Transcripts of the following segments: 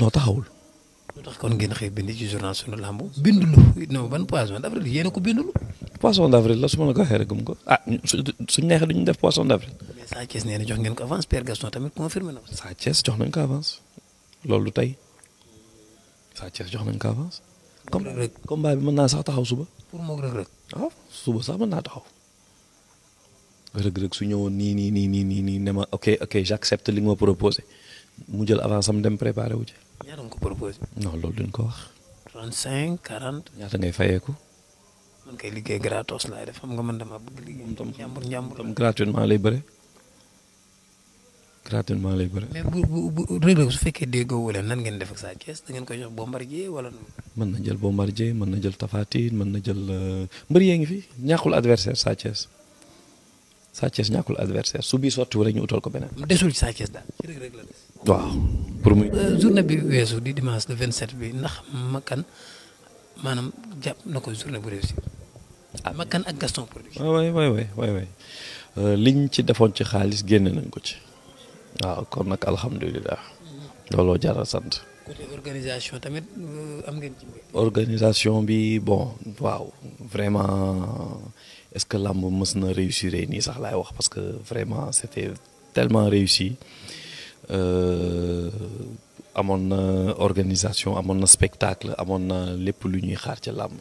noo taxawul. lu tax kon ngeen xëy bind ci journal sunu làmb bind lu non ban poisson d'avril yéen ko bind lu. poisson d'avril la su ma la ko waxee rek ko ah suñ neexee duñu def poisson d'avril. mais Sa Thiès jox ngeen ko avance Père Gaston tamit confirmé na ko. Sa Thiès jox nañ ko avance loolu tey Sa jox nañ ko avance. comme rek combat bi mën naa sax taxaw suba. pour moog rek rek. waaw ah, suba sax ma naa taxaw. rëg-rëg su ñëwoon nii nii nii nii nii ne ma ok ok sept li nga ma mu jël avance am dem préparé wu ci. ñaata nga ko proposé. non loolu duñ ko wax. 35 40. ñaata ngay fayeeku. man kay liggéey gratos laay def xam nga man dama bëgg liggéey. njàmbur njàmbur tam gratuitement lay bëre. gratuitement lay bëre. bu bu bu Reug Reug su fekkee déggoo wala nan ngeen def ak Sa da ngeen koy jox Bombardier wala. mën na jël Bombardier mën na jël Tapha mën na jël euh, mbër yee ngi fi ñàkkul adversaire Sa Thiès Sa Thiès ñàkkul adversaire su bii sotti wala ñu utal ko beneen. desul ci Sa daal ci la des. waaw. pour muy. Euh, journée bi weesu di dimanche le 27 bi ndax Makan maanaam jàpp na ko journée bu réussir. ah ak Gaston Production. waay waay waay waay waay liñ ci defoon ci xaalis génne nañ ko ci. waaw kon nag alhamdulilah. looloo jar a organisation tamit euh, am ngeen organisation bi bon waaw vraiment est-ce que làmb mës na réussir nii sax laay wax parce que vraiment c'était tellement réussi. Euh, amoon na organisation amoon na spectacle amoon na lépp lu ñuy xaar ca làmb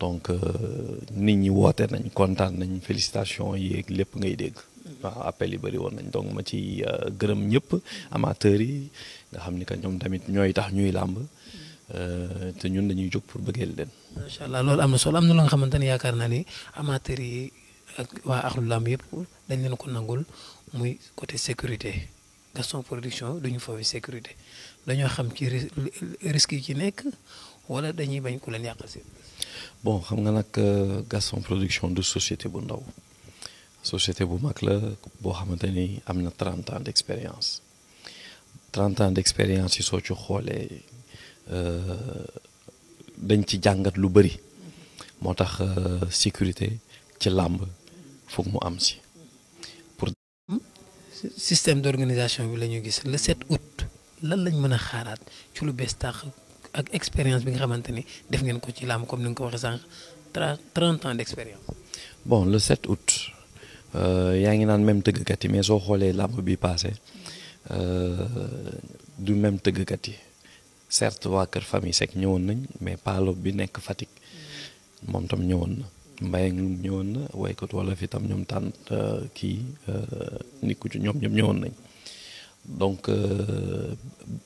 donc euh, nit ñi woote nañ kontaan nañ félicitation yeeg lépp ngay dégg waaw appel yi bëri woon nañ donc ma ci euh, gërëm ñëpp amateurs yi nga xam ni que ñoom tamit ñooy tax ñuy làmb te ñun dañuy jóg pour bëggee bëggeel leen. macha allah loolu am na solo am na lu nga xamante ne yaakaar naa ni amateurs yi ak waa axlu làmb yëpp dañ leen ko nangul muy côté sécurité. Gaston Production duñu foofu sécurité dañoo xam ci risque yi ci nekk wala dañuy bañ ko leen yàq seen bon xam nga nag euh, Gaston Production du société bu ndaw société bu mag la boo xamante ni am na 30 ans d'expérience 30 ans d'expérience yi soo ci xoolee euh, dañ ci jàngat lu bari moo tax euh, sécurité ci làmb foog mu am si système d'organisation bi la ñu gis le 7 août lan lañ mën a xaaraat ci lu bees tax ak expérience bi nga xamante ni def ngeen ko ci làmb comme ni nga ko waxee sànq 30 ans d'expérience. bon le 7 août euh, yaa ngi naan même tëggkat yi mais soo xoolee làmb bi passé euh, du même tëggkat yi certes waa kër famille Seck ñëwoon nañ mais Paalo bi nekk Fatick moom tam ñëwoon na. Mbaye ñëwoon na waykat wolof tam ñoom tànn euh, kii euh, ni ku ci ñoom ñëwoon nañ donc euh,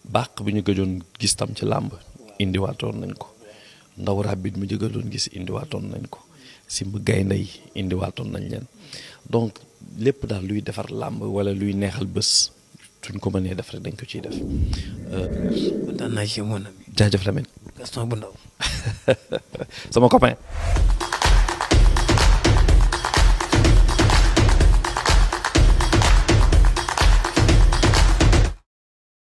bàq bi ñu gëjoon gis tam ci làmb indiwaatoon nañ ko ndaw rabit mu jëgaloon gis indiwaatoon nañ ko simb gaynde yi indiwaatoon nañ leen donc lépp daal luy defar làmb wala luy neexal bés suñ ko mënee nee rek dañ ko ciy def. kontaan naa ci moom. jaajëf Lamine. Gaston bu ndaw. sama copain.